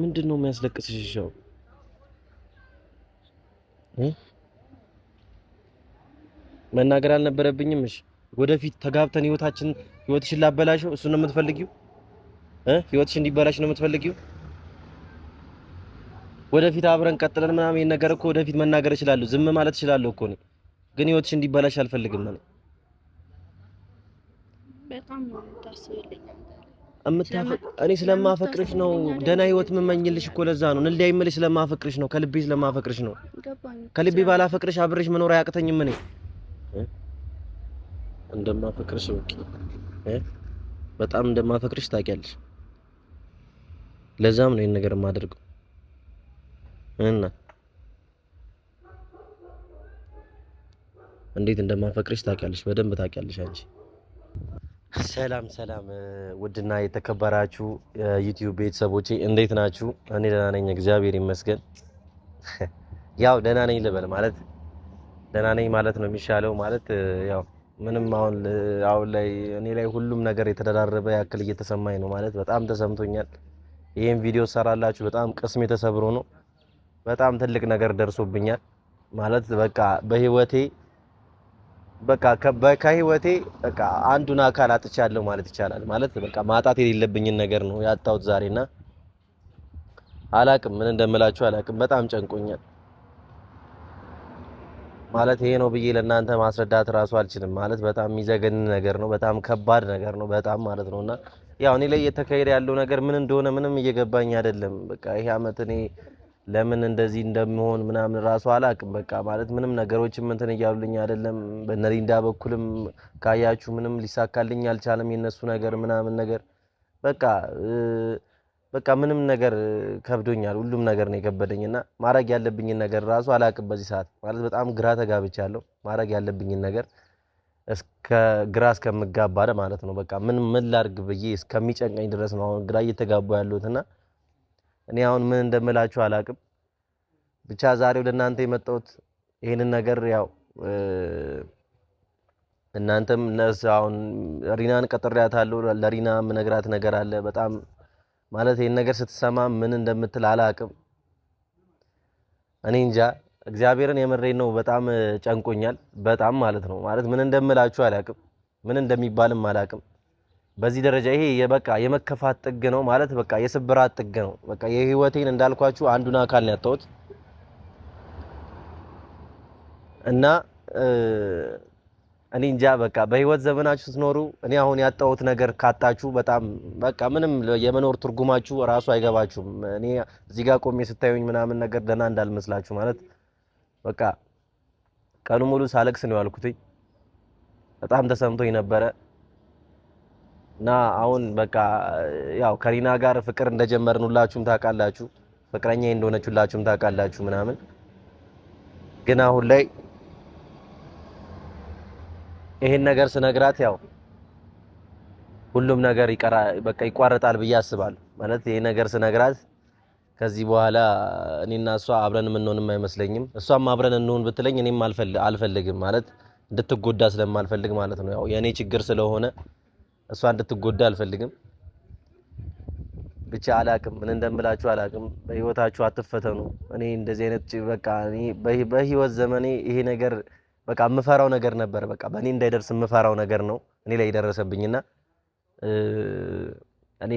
ምንድን ነው የሚያስለቅስሽ? ይሻው መናገር አልነበረብኝም። እሺ ወደፊት ተጋብተን ህይወታችን ህይወትሽን ላበላሽው እሱ ነው የምትፈልጊው? ህይወትሽ እንዲበላሽ ነው የምትፈልጊው? ወደፊት አብረን ቀጥለን ምናምን ይሄን ነገር እኮ ወደፊት መናገር እችላለሁ፣ ዝም ማለት እችላለሁ እኮ ነው። ግን ህይወትሽ እንዲበላሽ አልፈልግም ማለት በጣም ነው እኔ ስለማፈቅርሽ ነው ደህና ህይወት የምመኝልሽ እኮ ለዛ ነው እንዲህ አይመልሽ ስለማፈቅርሽ ነው ከልቤ ስለማፈቅርሽ ነው። ከልቤ ባላፈቅርሽ አብሬሽ መኖር አያቅተኝም። እኔ እንደማፈቅርሽ ወቂ በጣም እንደማፈቅርሽ ታውቂያለሽ። ለዛም ነው ይሄን ነገር የማደርገው እና እንዴት እንደማፈቅርሽ ታውቂያለሽ፣ በደንብ ታውቂያለሽ አንቺ ሰላም ሰላም ውድና የተከበራችሁ ዩቲዩብ ቤተሰቦቼ እንዴት ናችሁ? እኔ ደህና ነኝ፣ እግዚአብሔር ይመስገን። ያው ደህና ነኝ ልበል ማለት ደህና ነኝ ማለት ነው የሚሻለው። ማለት ያው ምንም አሁን አሁን ላይ እኔ ላይ ሁሉም ነገር የተደራረበ ያክል እየተሰማኝ ነው ማለት በጣም ተሰምቶኛል። ይህም ቪዲዮ ሰራላችሁ በጣም ቅስሜ ተሰብሮ ነው። በጣም ትልቅ ነገር ደርሶብኛል ማለት በቃ በህይወቴ በቃ ከህይወቴ በቃ አንዱን አካል አጥቻለሁ ማለት ይቻላል። ማለት በቃ ማጣት የሌለብኝን ነገር ነው ያጣሁት ዛሬና አላቅም ምን እንደምላችሁ አላቅም። በጣም ጨንቆኛል ማለት ይሄ ነው ብዬ ለእናንተ ማስረዳት እራሱ አልችልም። ማለት በጣም የሚዘገንን ነገር ነው። በጣም ከባድ ነገር ነው። በጣም ማለት ነውና ያው እኔ ላይ እየተካሄደ ያለው ነገር ምን እንደሆነ ምንም እየገባኝ አይደለም። በቃ ይሄ አመት እኔ ለምን እንደዚህ እንደሚሆን ምናምን ራሱ አላቅም። በቃ ማለት ምንም ነገሮችም እንትን እያሉልኝ አይደለም። በነሊንዳ በኩልም ካያችሁ ምንም ሊሳካልኝ አልቻለም። የነሱ ነገር ምናምን ነገር በቃ በቃ ምንም ነገር ከብዶኛል። ሁሉም ነገር ነው የከበደኝ እና ማድረግ ያለብኝን ነገር ራሱ አላቅም በዚህ ሰዓት ማለት በጣም ግራ ተጋብቻለሁ። ማድረግ ያለብኝን ነገር እስከ ግራ እስከምጋባ ማለት ነው በቃ ምን ምን ላርግ ብዬ እስከሚጨንቀኝ ድረስ ነው አሁን ግራ እየተጋባ ያለሁት እና እኔ አሁን ምን እንደምላችሁ አላቅም። ብቻ ዛሬ ወደ እናንተ የመጣሁት ይህንን ነገር ያው እናንተም አሁን ሪናን ቀጥሬያታለሁ። ለሪና ምነግራት ነገር አለ። በጣም ማለት ይህን ነገር ስትሰማ ምን እንደምትል አላቅም። እኔ እንጃ እግዚአብሔርን የምሬን ነው። በጣም ጨንቆኛል። በጣም ማለት ነው ማለት ምን እንደምላችሁ አላቅም። ምን እንደሚባልም አላቅም። በዚህ ደረጃ ይሄ የበቃ የመከፋት ጥግ ነው ማለት በቃ የስብራት ጥግ ነው። በቃ የህይወቴን እንዳልኳችሁ አንዱን አካል ነው ያጣሁት እና እኔ እንጃ በቃ በህይወት ዘመናችሁ ስትኖሩ እኔ አሁን ያጣሁት ነገር ካጣችሁ በጣም በቃ ምንም የመኖር ትርጉማችሁ እራሱ አይገባችሁም። እኔ እዚህ ጋር ቆሜ ስታዩኝ ምናምን ነገር ደህና እንዳልመስላችሁ ማለት በቃ ቀኑ ሙሉ ሳለቅስ ነው ያልኩትኝ። በጣም ተሰምቶኝ ነበረ። እና አሁን በቃ ያው ከሪና ጋር ፍቅር እንደጀመርን ሁላችሁም ታውቃላችሁ፣ ፍቅረኛ እንደሆነች ሁላችሁም ታውቃላችሁ ምናምን። ግን አሁን ላይ ይሄን ነገር ስነግራት ያው ሁሉም ነገር ይቀራ በቃ ይቋረጣል ብዬ አስባለሁ። ማለት ይሄ ነገር ስነግራት ከዚህ በኋላ እኔና እሷ አብረን የምንሆንም አይመስለኝም። እሷም አብረን እንሆን ብትለኝ እኔም አልፈልግም ማለት እንድትጎዳ ስለማልፈልግ ማለት ነው። ያው የእኔ ችግር ስለሆነ እሷ እንድትጎዳ አልፈልግም። ብቻ አላቅም፣ ምን እንደምላችሁ አላቅም። በህይወታችሁ አትፈተኑ። እኔ እንደዚህ አይነት በቃ በህይወት ዘመኔ ይሄ ነገር በቃ የምፈራው ነገር ነበር። በቃ በእኔ እንዳይደርስ የምፈራው ነገር ነው እኔ ላይ የደረሰብኝና እኔ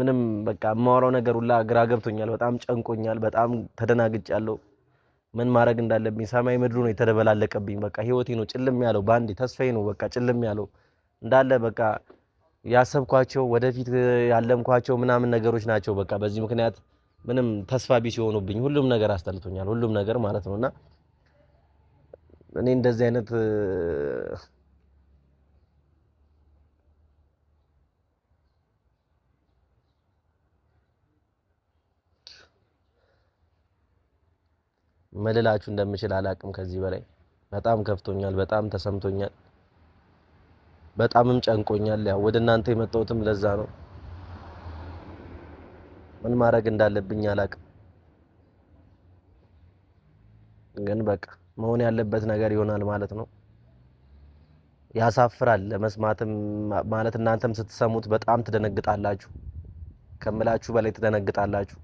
ምንም በቃ የማወራው ነገር ሁላ ግራ ገብቶኛል። በጣም ጨንቆኛል። በጣም ተደናግጫለሁ። ምን ማድረግ እንዳለብኝ ሰማይ ምድሩ ነው የተደበላለቀብኝ። በቃ ህይወቴ ነው ጭልም ያለው። በአንዴ ተስፋዬ ነው በቃ ጭልም ያለው። እንዳለ በቃ ያሰብኳቸው ወደፊት ያለምኳቸው ምናምን ነገሮች ናቸው። በቃ በዚህ ምክንያት ምንም ተስፋ ቢስ የሆኑብኝ ሁሉም ነገር አስጠልቶኛል። ሁሉም ነገር ማለት ነውና እኔ እንደዚህ አይነት መልላችሁ እንደምችል አላቅም። ከዚህ በላይ በጣም ከፍቶኛል። በጣም ተሰምቶኛል። በጣምም ጨንቆኛል። ያው ወደ እናንተ የመጣሁትም ለዛ ነው። ምን ማድረግ እንዳለብኝ አላቅም፣ ግን በቃ መሆን ያለበት ነገር ይሆናል ማለት ነው። ያሳፍራል ለመስማትም ማለት እናንተም ስትሰሙት በጣም ትደነግጣላችሁ፣ ከምላችሁ በላይ ትደነግጣላችሁ።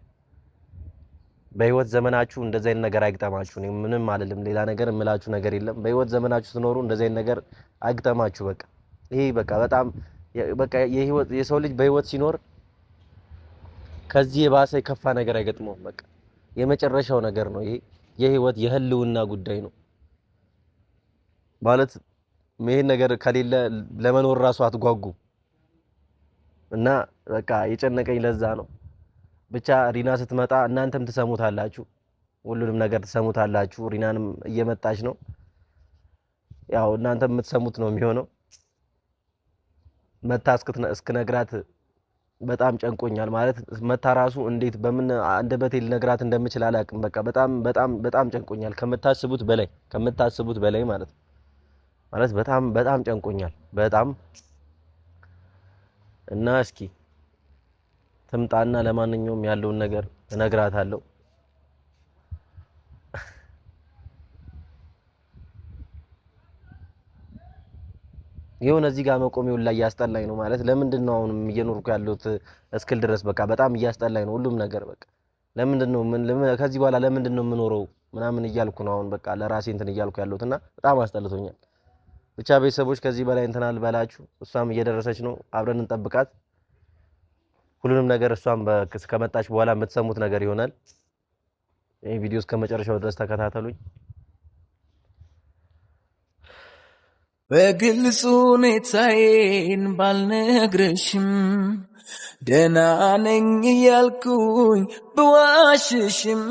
በህይወት ዘመናችሁ እንደዚህ አይነት ነገር አይግጠማችሁ። ምንም አልልም፣ ሌላ ነገር የምላችሁ ነገር የለም። በህይወት ዘመናችሁ ስትኖሩ እንደዚህ አይነት ነገር አይግጠማችሁ በቃ ይሄ በቃ በጣም በቃ የህይወት የሰው ልጅ በህይወት ሲኖር ከዚህ የባሰ የከፋ ነገር አይገጥመውም። በቃ የመጨረሻው ነገር ነው ይሄ የህይወት የህልውና ጉዳይ ነው ማለት ይሄን ነገር ከሌለ ለመኖር ራሱ አትጓጉ እና በቃ የጨነቀኝ ለዛ ነው። ብቻ ሪና ስትመጣ እናንተም ትሰሙታላችሁ፣ ሁሉንም ነገር ትሰሙታላችሁ። ሪናንም እየመጣች ነው፣ ያው እናንተም የምትሰሙት ነው የሚሆነው። መታ እስክነግራት በጣም ጨንቆኛል። ማለት መታ ራሱ እንዴት በምን አንደበቴ ልነግራት እንደምችል አላውቅም። በቃ በጣም በጣም በጣም ጨንቆኛል፣ ከምታስቡት በላይ ከምታስቡት በላይ ማለት ማለት በጣም በጣም ጨንቆኛል በጣም እና እስኪ ትምጣና ለማንኛውም ያለውን ነገር እነግራታለሁ። የሆነ እዚህ ጋር መቆሚውን ላይ እያስጠላኝ ነው ማለት ለምንድን ነው አሁንም እየኖርኩ ያለሁት እስክል ድረስ በቃ በጣም እያስጠላኝ ነው ሁሉም ነገር በቃ ለምንድን ነው ከዚህ በኋላ ለምንድን ነው የምኖረው ምናምን እያልኩ ነው አሁን በቃ ለራሴ እንትን እያልኩ ያለሁት እና በጣም አስጠልቶኛል። ብቻ ቤተሰቦች ከዚህ በላይ እንትን አልበላችሁ። እሷም እየደረሰች ነው፣ አብረን እንጠብቃት። ሁሉንም ነገር እሷም ከመጣች በኋላ የምትሰሙት ነገር ይሆናል። ይህ ቪዲዮ እስከ መጨረሻው ድረስ ተከታተሉኝ። በግልጽ ሁኔታዬን ባልነግረሽም ደህና ነኝ እያልኩኝ ብዋሽሽም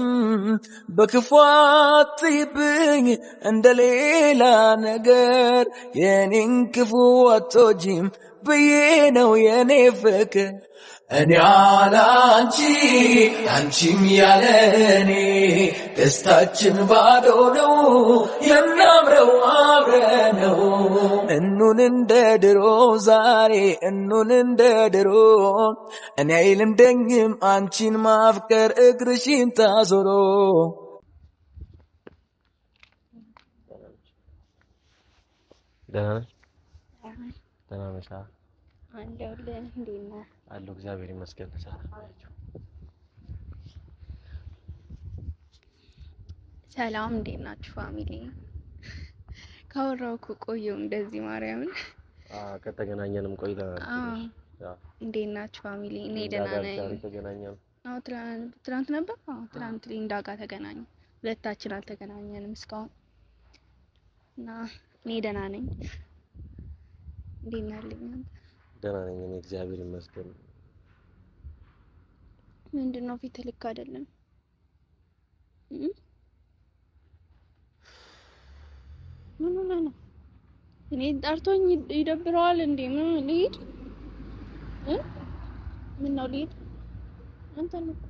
በክፉ አትይብኝ እንደ ሌላ ነገር የኔን ክፉ አትወጂም ብዬ ነው የኔ ፍቅር እኔ ያላንቺ አንቺም እኔ ደስታችን ባዶ ነው፣ የምናምረው አብረ ነው። እኑን እንደ ድሮ ዛሬ እኑን እንደ ድሮ እኔ አይልምደኝም አንቺን ማፍቀር እግርሽን ታዞሮ ደህና ነሽ? ደህና ነሽ? አለሁልህ እንዴት ነህ? አለሁ እግዚአብሔር ይመስገን። ሰላም እንዴት ናችሁ ፋሚሊ? ካወራሁ እኮ ቆየሁ እንደዚህ ማርያምን። ከተገናኘንም ቆይተናል። እንዴት ናችሁ ፋሚሊ? እኔ ደህና ነኝ። ትናንት ነበር ትናንት ሊንዳ ጋር ተገናኘ። ሁለታችን አልተገናኘንም እስካሁን እና እኔ ደህና ነኝ። እንዴት ነህ? ደህና ነኝ እኔ እግዚአብሔር ይመስገን። ምንድን ነው ፊት ልክ አይደለም። ምን ሆነህ ነው? እኔ ጠርቶኝ ይደብረዋል እንዴ? ምን ልሂድ? ምን ነው ልሂድ? አንተ እኮ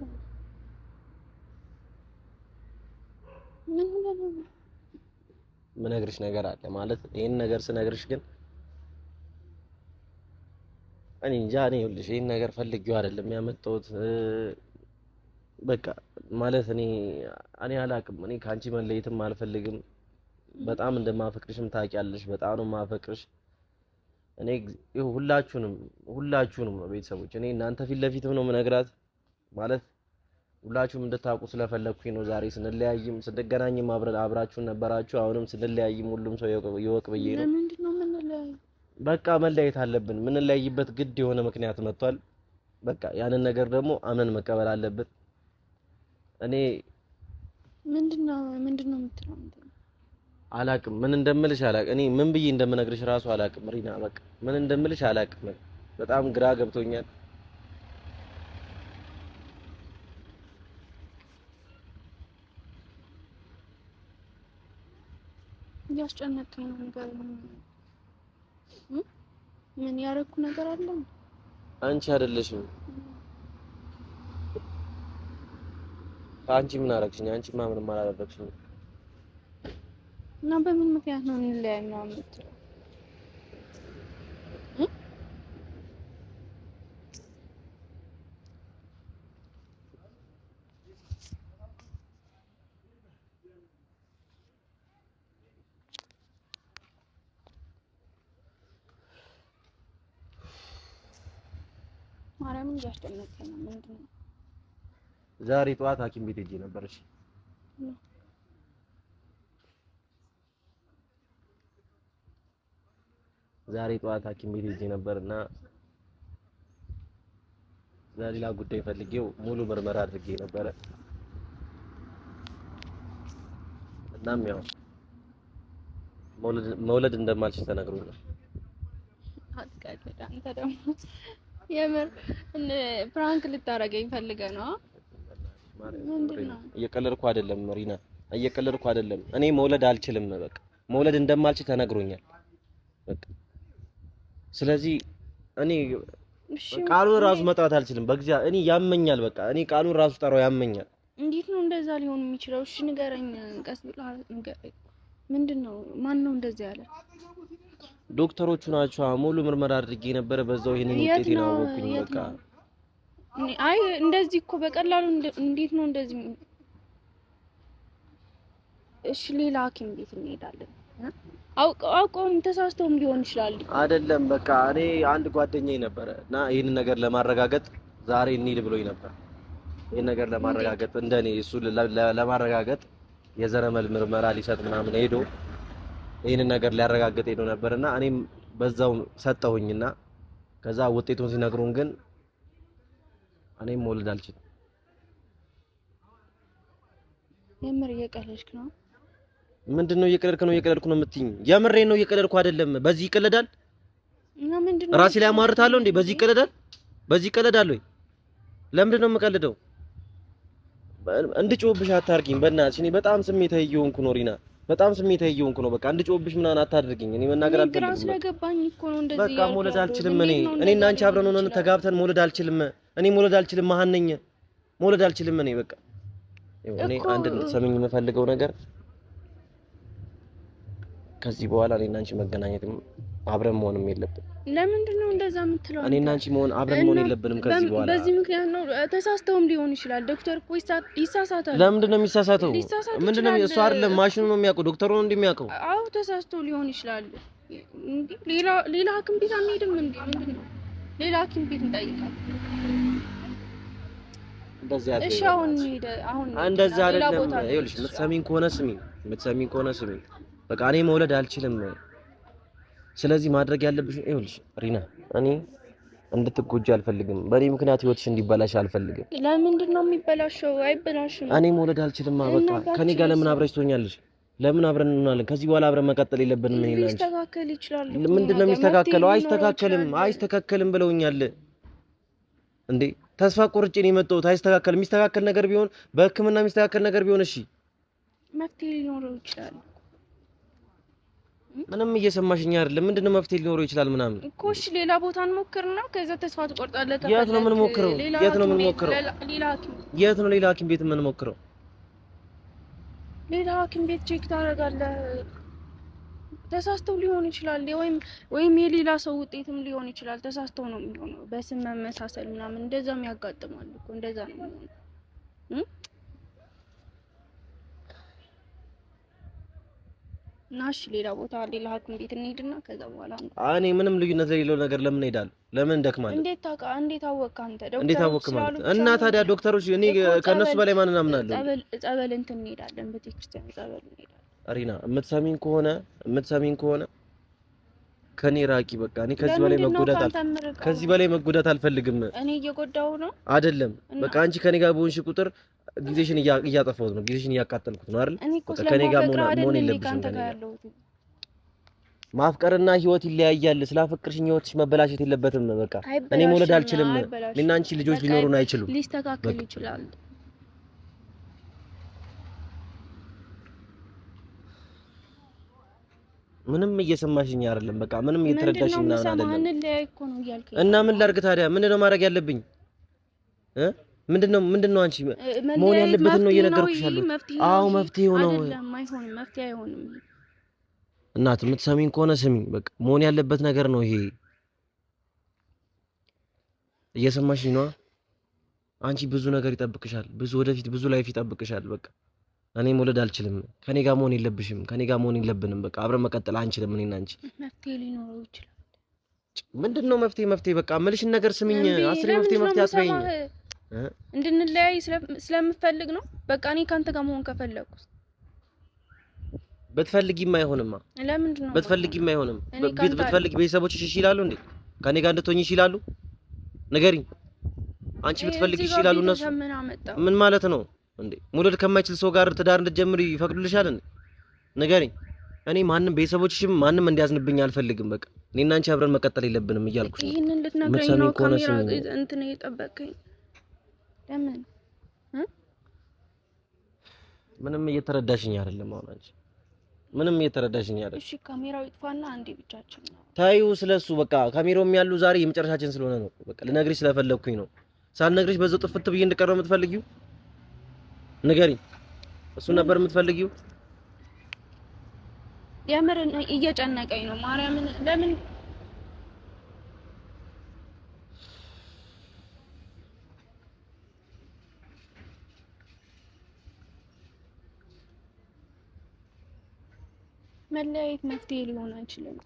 ምን ሆነህ ነው? ምነግርሽ ነገር አለ ማለት ይሄን ነገር ስነግርሽ ግን እኔ እንጃ። እኔ ይኸውልሽ ይህን ነገር ፈልጌው አይደለም ያመጣሁት። በቃ ማለት እኔ እኔ አላቅም። እኔ ከአንቺ መለየትም አልፈልግም። በጣም እንደማፈቅርሽም ታውቂያለሽ። በጣም ነው ማፈቅርሽ። እኔ ሁላችሁንም ሁላችሁንም ነው ቤተሰቦች፣ እኔ እናንተ ፊት ለፊትም ነው ምነግራት ማለት ሁላችሁም እንድታውቁ ስለፈለግኩኝ ነው። ዛሬ ስንለያይም ስንገናኝም አብራችሁን ነበራችሁ። አሁንም ስንለያይም ሁሉም ሰው ይወቅ ብዬ ነው በቃ መለየት አለብን። የምንለያይበት ግድ የሆነ ምክንያት መጥቷል። በቃ ያንን ነገር ደግሞ አመን መቀበል አለብን። እኔ ምንድነው ምንድነው የምትለው? አላቅም ምን እንደምልሽ አላቅ እኔ ምን ብዬ እንደምነግርሽ ራሱ አላቅም ሪና። በቃ ምን እንደምልሽ አላቅም። በጣም ግራ ገብቶኛል። እያስጨነቀኝ ነው ምን ያደረኩ ነገር አለ? አንቺ አይደለሽም። አንቺ ምን አደረግሽኝ? አንቺ ማ ምንም አላደረግሽኝ እና በምን ምክንያት ነው እኔን ላይ ምናምን የምትለው? ምን እያስጨነቀኝ ነው። ምንድን ነው? ዛሬ ጠዋት ሐኪም ቤት ሄጄ ነበር። እሺ ዛሬ ጠዋት ሐኪም ቤት ሄጄ ነበርና ለሌላ ጉዳይ ፈልጌው ሙሉ ምርመራ አድርጌ ነበረ። እናም ያው መውለድ እንደማልችል ተነግሮኛል። አንተ ደግሞ የምር ፕራንክ ልታረገኝ ፈልገህ ነው? ምንድነው? እየቀለድኩ አይደለም ሪና፣ እየቀለድኩ አይደለም። እኔ መውለድ አልችልም። በቃ መውለድ እንደማልችል ተነግሮኛል። በቃ ስለዚህ እኔ ቃሉን ራሱ መጥራት አልችልም። በእግዚአብሔር እኔ ያመኛል። በቃ እኔ ቃሉን ራሱ ጠራው ያመኛል። እንዴት ነው እንደዛ ሊሆን የሚችለው? እሺ ንገረኝ፣ ቀስ ብለህ ንገረኝ። ምንድነው? ማን ነው እንደዚህ ያለ? ዶክተሮቹ ናቸው ሙሉ ምርመራ አድርጌ ነበረ። በዛው ይሄንን ውጤት ያወቅኩኝ። በቃ አይ እንደዚህ እኮ በቀላሉ እንዴት ነው እንደዚህ? እሺ ሌላ ሐኪም ቤት እንሄዳለን። አውቀውም ተሳስተውም ሊሆን ይችላል። አይደለም በቃ እኔ አንድ ጓደኛዬ ነበረ እና ይህን ነገር ለማረጋገጥ ዛሬ እንሂድ ብሎኝ ነበር። ይህን ነገር ለማረጋገጥ እንደኔ እሱ ለማረጋገጥ የዘረመል ምርመራ ሊሰጥ ምናምን ሄዶ ይህንን ነገር ሊያረጋግጥ ሄዶ ነበርና እኔም በዛው ሰጠሁኝና ከዛ ውጤቱን ሲነግሩን ግን እኔም መውለድ አልችልም። የምር እየቀለድክ ነው? ምንድን ነው እየቀለድክ ነው? እየቀለድኩ ነው የምትይኝ? የምሬ ነው እየቀለድኩ አይደለም። በዚህ ይቀለዳል? እና ራሴ ላይ አሟርታለሁ እንዴ? በዚህ ይቀለዳል? በዚህ ይቀለዳል ወይ? ለምንድን ነው የምቀልደው? እንድጮህብሽ አታርጊኝ በእናትሽ። እኔ በጣም ስሜታዊ እየሆንኩ ኖሪና በጣም ስሜታዊ እየሆንኩ ነው። በቃ እንድጮህብሽ ምናምን አታድርግኝ። እኔ መናገር አልፈልግም። ግራ ስለገባኝ እኮ ነው እንደዚህ። በቃ መውለድ አልችልም። እኔ እኔ እና አንቺ አብረን ሆነን ተጋብተን መውለድ አልችልም። እኔ መውለድ አልችልም። መሀን ነኝ። መውለድ አልችልም። እኔ በቃ እኔ አንድ እንድትሰሚኝ የምፈልገው ነገር ከዚህ በኋላ እኔ እና አንቺ መገናኘት አብረን መሆንም የለብን። ለምንድን ነው እንደዛ የምትለው? እኔ እና አንቺ መሆን አብረን መሆን የለብንም ከዚህ በኋላ። በዚህ ምክንያት ነው ተሳስተውም ሊሆን ይችላል። ዶክተር እኮ ይሳሳታል። ለምንድን ነው የሚሳሳተው? ምንድን ነው እሱ? አይደለም ማሽኑ ነው የሚያውቀው፣ ዶክተሩ ነው እንደሚያውቀው። አዎ ተሳስተው ሊሆን ይችላል። ሌላ ሌላ ሐኪም ቤት አንሄድም እንዴ? ምንድን ነው ሌላ ሐኪም ቤት እንጠይቃለን። እሺ አሁን እንሂድ። አሁን እንደዚህ አይደለም። ይኸውልሽ፣ የምትሰሚኝ ከሆነ ስሚኝ፣ የምትሰሚኝ ከሆነ ስሚኝ። በቃ እኔ መውለድ አልችልም ስለዚህ ማድረግ ያለብሽ ይኸውልሽ፣ ሪና እኔ እንድትጎጂ አልፈልግም። በእኔ ምክንያት ህይወትሽ እንዲበላሽ አልፈልግም። ለምንድን ነው የሚበላሸው? አይበላሽም። እኔ መውለድ አልችልም። በቃ ከኔ ጋር ለምን አብረሽ ትሆኛለሽ? ለምን አብረን እንሆናለን? ከዚህ በኋላ አብረን መቀጠል የለብንም። ምን ይላል? ይስተካከል ይችላል። ምንድን ነው የሚስተካከለው? አይስተካከልም፣ አይስተካከልም ብለውኛል። እንዴ ተስፋ ቆርጬ ነው የመጣሁት። አይስተካከልም። የሚስተካከል ነገር ቢሆን በህክምና የሚስተካከል ነገር ቢሆን እሺ፣ መፍትሄ ሊኖረው ይችላል። ምንም እየሰማሽኝ አይደለም። ምንድነው መፍትሄ ሊኖረው ይችላል ምናምን እኮ እሺ፣ ሌላ ቦታ እንሞክርና ከዛ ተስፋ ትቆርጣለህ። የት ነው የምንሞክረው? የት ነው የምንሞክረው? የት ነው ሌላ ሐኪም ቤት የምንሞክረው? ሌላ ሐኪም ቤት ቼክ ታደርጋለህ። ተሳስተው ሊሆን ይችላል ወይም ወይም የሌላ ሰው ውጤትም ሊሆን ይችላል። ተሳስተው ነው የሚሆነው። በስም መመሳሰል ምናምን እንደዛም ያጋጥማል እኮ እንደዛ ነው የሚሆነው። ናሽ ሌላ ቦታ ሌላ ሐኪም ቤት እንሄድና ከዛ በኋላ እኔ ምንም ልዩነት ለሌለው ነገር ለምን እሄዳለሁ? ለምን ደክማለሁ? እንዴት ታውቃ? እንዴት አወቅህ አንተ? ደግሞ እንዴት አወቅህ ማለት እና ታዲያ ዶክተሮች፣ እኔ ከነሱ በላይ ማንን አምናለሁ? ጸበል ጸበል እንትን እንሄዳለን፣ ቤተክርስቲያን ጸበል እንሄዳለን። አሪና፣ የምትሰሚኝ ከሆነ የምትሰሚኝ ከሆነ ከኔ ራቂ። በቃ እኔ ከዚህ በላይ መጎዳት ከዚህ በላይ መጎዳት አልፈልግም። እኔ እየጎዳው ነው አይደለም። በቃ አንቺ ከኔ ጋር በሆንሽ ቁጥር ጊዜሽን እያጠፋሁት ነው፣ ጊዜሽን እያቃጠልኩት ነው አይደል? በቃ ከኔ ጋር መሆን የለብሽም። ማፍቀርና ህይወት ይለያያል። ስላፈቅርሽኝ ህይወትሽ መበላሸት የለበትም። በቃ እኔ መውለድ አልችልም። እኔና አንቺ ልጆች ሊኖሩን አይችሉም። ሊስተካከል ይችላል። ምንም እየሰማሽኝ አይደለም። በቃ ምንም እየተረዳሽኝ ምናምን አይደለም። እና ምን ላድርግ ታዲያ? ምንድነው ማድረግ ያለብኝ? ምንድነው ምንድነው አንቺ መሆን ያለበትን ነው እየነገርኩሽ ያለሁት። አዎ መፍትሄው ነው። እናት የምትሰሚኝ ከሆነ ስሚኝ። በቃ መሆን ያለበት ነገር ነው ይሄ። እየሰማሽኝ ነዋ። አንቺ ብዙ ነገር ይጠብቅሻል። ብዙ ወደፊት ብዙ ላይፍ ይጠብቅሻል። በቃ እኔ መውለድ አልችልም። ከኔ ጋር መሆን የለብሽም። ከኔ ጋር መሆን የለብንም። በቃ አብረን መቀጠል አንችልም። እኔና አንቺ መፍትሄ ሊኖረው ይችላል። ምንድን ነው መፍትሄ? መፍትሄ በቃ ምልሽን ነገር ስምኝ። አስሬ መፍትሄ መፍትሄ አስበኝ። እንድንለያይ ስለምፈልግ ነው። በቃ እኔ ከአንተ ጋር መሆን ከፈለግኩ ብትፈልጊም አይሆንማ። ለምንድን ነው ብትፈልጊም አይሆንም? ብትፈልጊ ቤተሰቦችሽ እሺ ይላሉ እንዴ? ከኔ ጋር እንድትሆኝ እሺ ይላሉ? ንገሪኝ። አንቺ ብትፈልጊ እሺ ይላሉ እነሱ? ምን ማለት ነው? እንዴ መውለድ ከማይችል ሰው ጋር ትዳር እንድትጀምሪ ይፈቅዱልሻል እንዴ? ንገሪኝ። እኔ ማንም ቤተሰቦችሽም ማንም እንዲያዝንብኝ አልፈልግም። በቃ እኔና አንቺ አብረን መቀጠል የለብንም እያልኩሽ ይሄንን ልትነግረኝ ነው? ካሜራ እንትን እየጠበቀኝ ለምን? ምንም እየተረዳሽኝ አይደለም። አሁን አንቺ ምንም እየተረዳሽኝ አይደለም። እሺ ካሜራው ይጥፋና አንዴ ብቻችን ነው ታዩ። ስለሱ በቃ ካሜራውም ያሉ ዛሬ የመጨረሻችን ስለሆነ ነው። በቃ ልነግርሽ ስለፈለግኩኝ ነው። ሳልነግርሽ በዛው ጥፍት ብዬ እንድቀረው የምትፈልጊው ንገሪኝ። እሱን ነበር የምትፈልጊው? የምር እየጨነቀኝ ነው ማርያምን። ለምን መለያየት መፍትሄ ሊሆን አይችልም?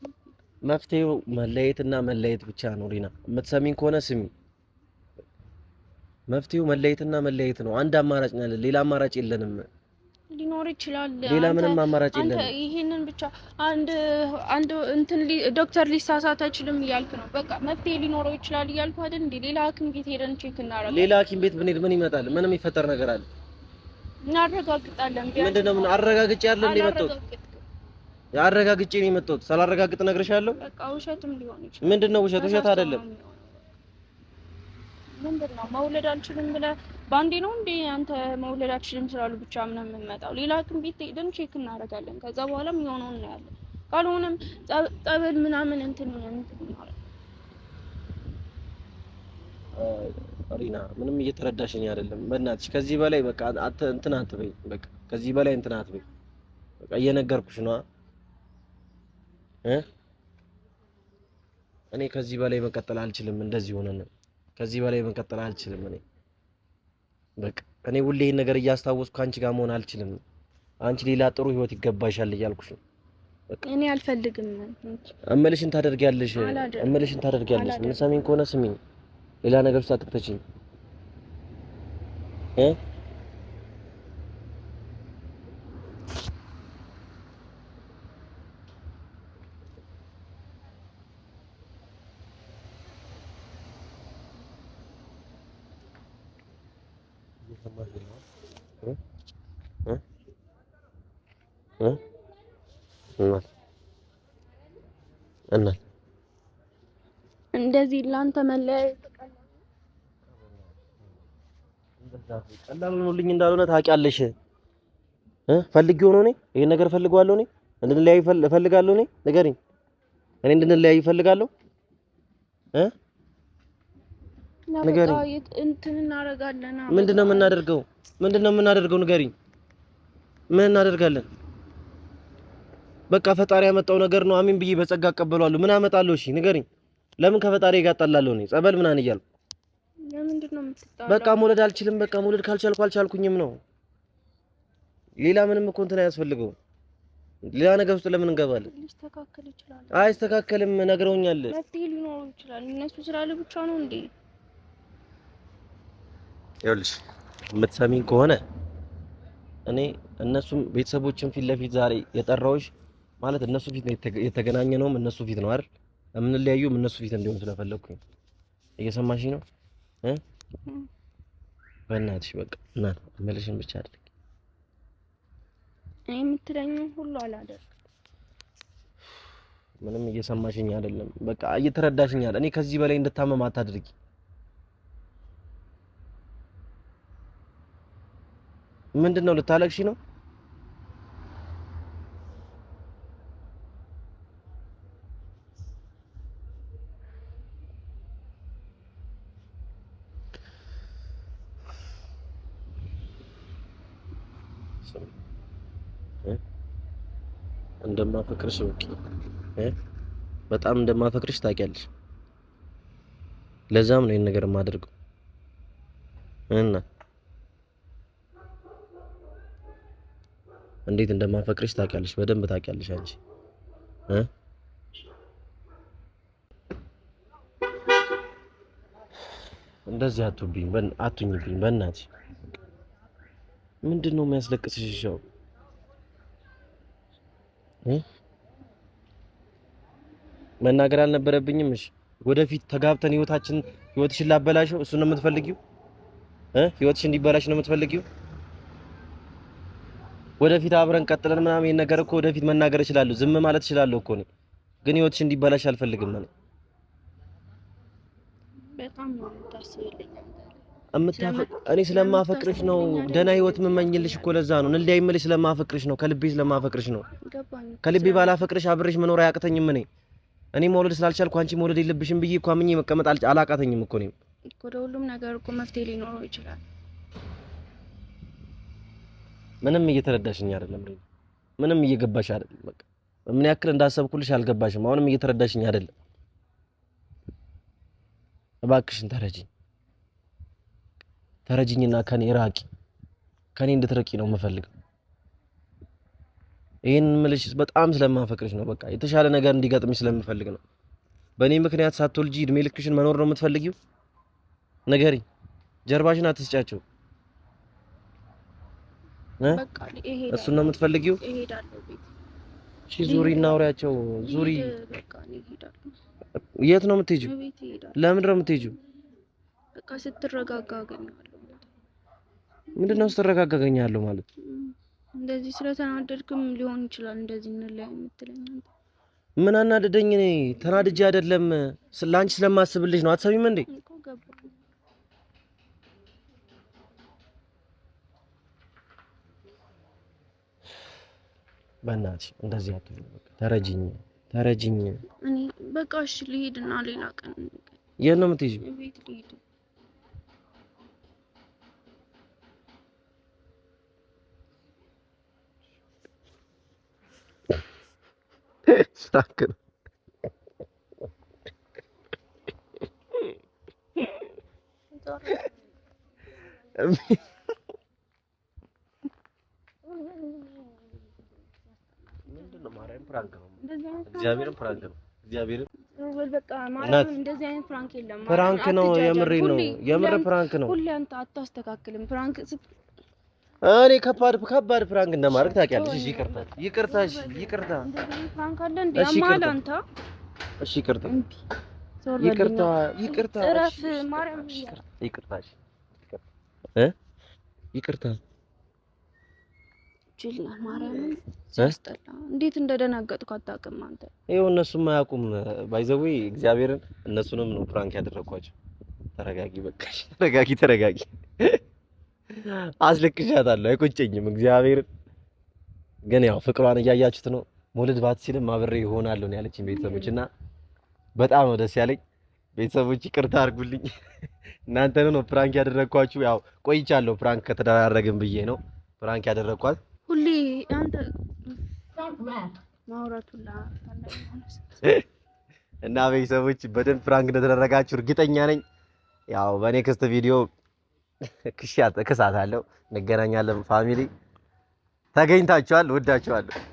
መፍትሄው መለየትና መለየት ብቻ ነው። ሪና የምትሰሚኝ ከሆነ ስሚ መፍትሄው መለየትና መለየት ነው። አንድ አማራጭ ነው ያለን፣ ሌላ አማራጭ የለንም። ሊኖር ይችላል፣ ሌላ ምንም አማራጭ አንተ ይሄንን ብቻ አንድ አንድ እንትን ዶክተር ሊሳሳት አይችልም እያልክ ነው። በቃ መፍትሄ ሊኖረው ይችላል እያልኩ አይደል እንዴ? ሌላ ሐኪም ቤት ሄደን ቼክ እናደርጋለን። ሌላ ሐኪም ቤት ብንሄድ ምን ይመጣል? ምንም ይፈጠር ነገር አለ? እናረጋግጣለን። ምንድን ነው ምን አረጋግጬ ያለ እንዴ መጣሁት አረጋግጬ ነው የመጣሁት። ሳላረጋግጥ እነግርሻለሁ። በቃ ውሸትም ሊሆን ይችላል። ምንድነው? ውሸት? ውሸት አይደለም ምንድን ነው መውለድ አልችልም ብለህ በአንዴ ነው እንዴ አንተ መውለድ አልችልም ስላሉ ብቻ ምናምን የምንመጣው? ሌላ ሐኪም ቤት ሄደን ቼክ እናደርጋለን። ከዛ በኋላም የሆነውን እናያለን። ካልሆነም ጠበል ምናምን እንትን እንትን ማለት ሪና ምንም እየተረዳሽኝ አይደለም። በእናትሽ ከዚህ በላይ በቃ አንተ እንትን አትበይ። በቃ ከዚህ በላይ እንትን አትበይ። በቃ እየነገርኩሽ ነዋ እ እኔ ከዚህ በላይ መቀጠል አልችልም እንደዚህ ሆነን ከዚህ በላይ መቀጠል አልችልም። እኔ በቃ እኔ ሁሌ ይሄን ነገር እያስታወስኩ ከአንቺ ጋር መሆን አልችልም። አንቺ ሌላ ጥሩ ህይወት ይገባሻል እያልኩሽ ነው። እኔ አልፈልግም። እምልሽን ታደርጊያለሽ፣ እምልሽን ታደርጊያለሽ። ምን ሰሚን ከሆነ ስሚኝ፣ ሌላ ነገር ውስጥ አትክተችኝ እ እናት እንደዚህ ላንተ መለያየት ቀላል ሆኖልኝ እንዳልሆነ ታውቂያለሽ። ፈልጊ ሆኖ እኔ ይሄን ነገር ፈልገዋለሁ። እኔ እንድንለያይ እፈልጋለሁ። እኔ ንገሪኝ፣ እኔ እንድንለያይ እፈልጋለሁ እ ንገሪኝ። እንትን እናደርጋለን። ምንድን ነው የምናደርገው? ምንድን ነው የምናደርገው? ንገሪኝ። ምን እናደርጋለን? በቃ ፈጣሪ ያመጣው ነገር ነው። አሚን ብዬ በጸጋ እቀበላለሁ። ምን አመጣለሁ? እሺ ንገሪኝ። ለምን ከፈጣሪ ጋር ጣላለሁ? እኔ ጸበል ምናምን እያልኩ በቃ መውለድ አልችልም። በቃ መውለድ ካልቻልኩ አልቻልኩኝም ነው። ሌላ ምንም እኮ እንትን አያስፈልገውም። ሌላ ነገር ውስጥ ለምን እንገባለን? አይስተካከልም። ነግረውኛል። መፍትሄ ሊኖረው ይችላል። እነሱ ስላለ ብቻ ነው እንዴ ይኸውልሽ የምትሰሚኝ ከሆነ እኔ እነሱም ቤተሰቦችን ፊት ለፊት ዛሬ የጠራሁሽ ማለት እነሱ ፊት የተገናኘ ነውም እነሱ ፊት ነው አይደል? የምንለያዩም እነሱ ፊት እንዲሆን ስለፈለግኩኝ እየሰማሽ ነው እ በእናትሽ በቃ እናት መልሽን ብቻ አድርጊ። እኔ የምትለኝ ሁሉ አላደርግም። ምንም እየሰማሽኝ አይደለም፣ በቃ እየተረዳሽኝ አይደል? እኔ ከዚህ በላይ እንድታመም አታድርጊ። ምንድን ነው ልታለቅሺ ነው? እንደማፈቅርሽ እ በጣም እንደማፈቅርሽ ታውቂያለሽ። ለዛም ነው ይሄን ነገር የማደርገው እና እንዴት እንደማፈቅርሽ ታውቂያለሽ፣ በደንብ ታውቂያለሽ አንቺ እ እንደዚህ አትሁብኝ፣ አትሁኝብኝ በእናትሽ። ምንድን ነው የሚያስለቅስሽ? ሻው መናገር አልነበረብኝም። እሺ ወደፊት ተጋብተን ህይወታችን ህይወትሽን ላበላሸው እሱ ነው የምትፈልጊው? ህይወትሽ እንዲበላሽ ነው የምትፈልጊው? ወደፊት አብረን ቀጥለን ምናምን ይሄን ነገር እኮ ወደፊት መናገር እችላለሁ፣ ዝም ማለት እችላለሁ እኮ ነው። ግን ህይወትሽ እንዲበላሽ አልፈልግም ማለት እኔ ስለማፈቅርሽ ነው። ደህና ህይወት የምመኝልሽ እኮ ለዛ ነው። እንዲያ ይመልሽ ስለማፈቅርሽ ነው። ከልቤ ስለማፈቅርሽ ነው። ከልቤ ባላፈቅርሽ አብሬሽ መኖር አያቅተኝም። እኔ እኔ መውለድ ስላልቻልኩ አንቺ መውለድ የለብሽም ብዬ እኮ አምኜ መቀመጥ አላቃተኝም እኮ ነው። ሁሉም ነገር እኮ መፍትሄ ሊኖረው ይችላል። ምንም እየተረዳሽኝ አይደለም። ምንም እየገባሽ አይደለም። በቃ ምን ያክል እንዳሰብኩልሽ አልገባሽም። አሁንም እየተረዳሽኝ አይደለም። እባክሽን ተረጂኝ፣ ተረጂኝና ከኔ ራቂ። ከኔ እንድትረቂ ነው የምፈልገው። ይህን ምልሽ በጣም ስለማፈቅርሽ ነው። በቃ የተሻለ ነገር እንዲገጥምሽ ስለምፈልግ ነው። በእኔ ምክንያት ሳትወልጂ እድሜ ልክሽን መኖር ነው የምትፈልጊው? ንገሪኝ። ጀርባሽን አትስጫቸው። እሱን ነው የምትፈልጊው? ዙሪ እና ዙሪ የት ነው የምትሄጂው? ለምንድን ነው የምትሄጂው? በቃ ስትረጋጋ አገኛለሁ። ምንድን ነው ስትረጋጋ አገኛለሁ ማለት? እንደዚህ ስለተናደድክም ሊሆን ይችላል እንደዚህ እንለያይ የምትለኝ። ምን አናደደኝ? እኔ ተናድጄ አይደለም፣ ለአንቺ ስለማስብልሽ ነው። አትሰሚም እንዴ? በእናትሽ እንደዚህ አትሉ። በቃ ተረጂኝ ተረጂኝ። እኔ በቃ እሺ ልሂድና ሌላ ቀን። የት ነው የምትሄጂው? ቤት ልሂድ። እግዚአብሔርን ፕራንክ ነው። እግዚአብሔርን በቃ ማለት እንደዚህ አይነት ፕራንክ የለም። ፕራንክ ነው። የምሬ ነው። የምር ፕራንክ ነው። ሁሌ አንተ አታስተካክልም። ፕራንክ እኔ ከባድ ከባድ ፕራንክ እንደማድረግ ታውቂያለሽ። እሺ ይቅርታ፣ ይቅርታ፣ እሺ ይቅርታ። ፕራንክ አለ እንዴ? አማል አንተ እሺ ይቅርታ፣ ይቅርታ፣ ይቅርታ፣ ይቅርታ፣ ይቅርታ፣ ይቅርታ ጅል ነህ ማርያምን ሲያስጠላ እንዴት እንደደነገጥኩ አታውቅም አንተ ይኸው እነሱም አያውቁም ባይዘዌ እግዚአብሔርን እነሱንም ነው ፕራንክ ያደረኳቸው ተረጋጊ በቃ ተረጋጊ ተረጋጊ አስለቅሻታለሁ አይቆጨኝም እግዚአብሔርን ግን ያው ፍቅሯን እያያችሁት ነው መውለድ ባትችልም አብሬ ይሆናለሁ ነው ያለችኝ ቤተሰቦች እና በጣም ነው ደስ ያለኝ ቤተሰቦች ይቅርታ አድርጉልኝ እናንተ ነው ፕራንክ ያደረኳችሁ ያው ቆይቻለሁ ፕራንክ ከተደራረግን ብዬ ነው ፕራንክ ያደረኳት እና ቤተሰቦች በደንብ ፍራንክ እንደተደረጋችሁ እርግጠኛ ነኝ። ያው በኔክስት ቪዲዮ ክሻት እክሳት አለው። እንገናኛለን። ፋሚሊ ተገኝታችኋል። ወዳችኋለሁ።